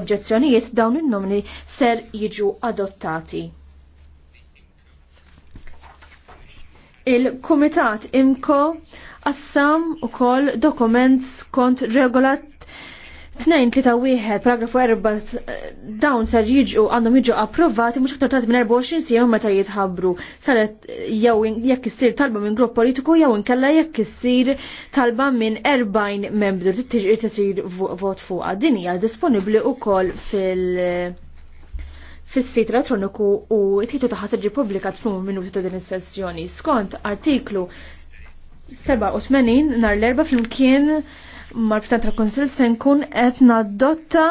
oġġezzjonijiet dawn in-nomni ser jiġu adottati. Il-Kumitat Imko assam ukoll dokument skont regolat tli ta' wieħed paragrafu erba dawn ser jiġu għandhom jiġu approvati mhux aktar tard minn 24 sija meta jitħabru. Saret jew jekk issir talba minn grupp politiku jew inkella jekk issir talba minn 40 membru tittiġ tisir vot fuqha. Din hija disponibbli wkoll fil- fis-sit elettroniku u t-titu ta' tiġi pubblikat fl minuti ta' din is-sessjoni skont artiklu 87 nar l-erba flimkien mal tal-Konsil se nkun qed dotta